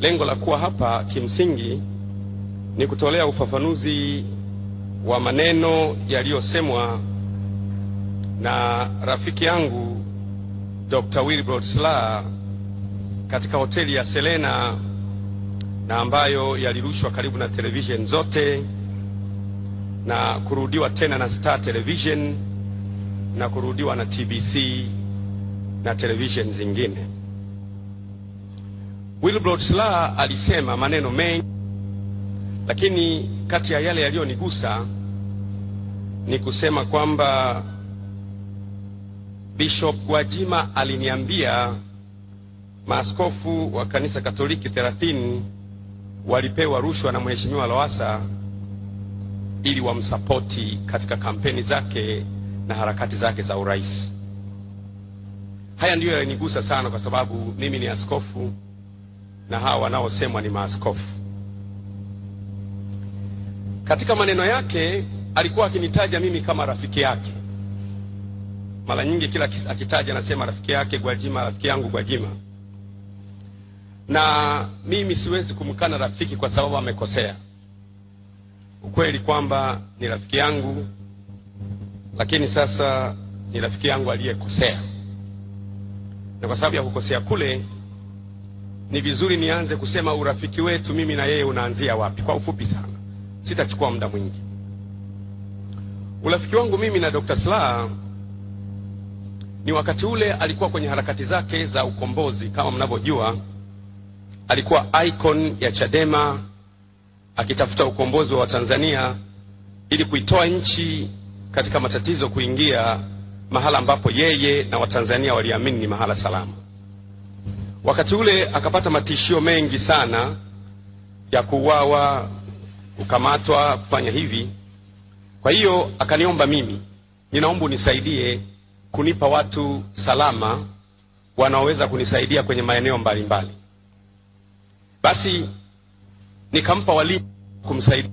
Lengo la kuwa hapa kimsingi ni kutolea ufafanuzi wa maneno yaliyosemwa na rafiki yangu Dr. Wilbrod Slaa katika hoteli ya Selena na ambayo yalirushwa karibu na television zote na kurudiwa tena na Star Television na kurudiwa na TBC na television zingine. Wilbrod Slaa alisema maneno mengi, lakini kati ya yale yaliyonigusa ni kusema kwamba Bishop Gwajima aliniambia maaskofu wa kanisa Katoliki 30 walipewa rushwa na Mheshimiwa Lowassa ili wamsapoti katika kampeni zake na harakati zake za urais. Haya ndiyo yalinigusa sana, kwa sababu mimi ni askofu na hawa wanaosemwa ni maaskofu. Katika maneno yake alikuwa akinitaja mimi kama rafiki yake. Mara nyingi kila akitaja anasema rafiki yake Gwajima, rafiki yangu Gwajima, na mimi siwezi kumkana rafiki kwa sababu amekosea. Ukweli kwamba ni rafiki yangu, lakini sasa ni rafiki yangu aliyekosea, na kwa sababu ya kukosea kule ni vizuri nianze kusema urafiki wetu mimi na yeye unaanzia wapi, kwa ufupi sana, sitachukua muda mwingi. Urafiki wangu mimi na Dr. sla ni wakati ule alikuwa kwenye harakati zake za ukombozi. Kama mnavyojua, alikuwa icon ya Chadema akitafuta ukombozi wa Tanzania ili kuitoa nchi katika matatizo, kuingia mahala ambapo yeye na Watanzania waliamini ni mahala salama. Wakati ule akapata matishio mengi sana ya kuuawa, kukamatwa, kufanya hivi. Kwa hiyo akaniomba mimi, ninaomba unisaidie kunipa watu salama wanaoweza kunisaidia kwenye maeneo mbalimbali mbali. Basi nikampa walimu kumsaidia.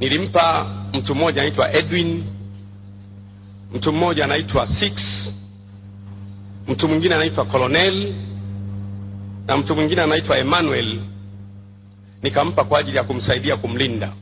Nilimpa mtu mmoja anaitwa Edwin, mtu mmoja anaitwa Six mtu mwingine anaitwa Colonel na mtu mwingine anaitwa Emmanuel, nikampa kwa ajili ya kumsaidia kumlinda.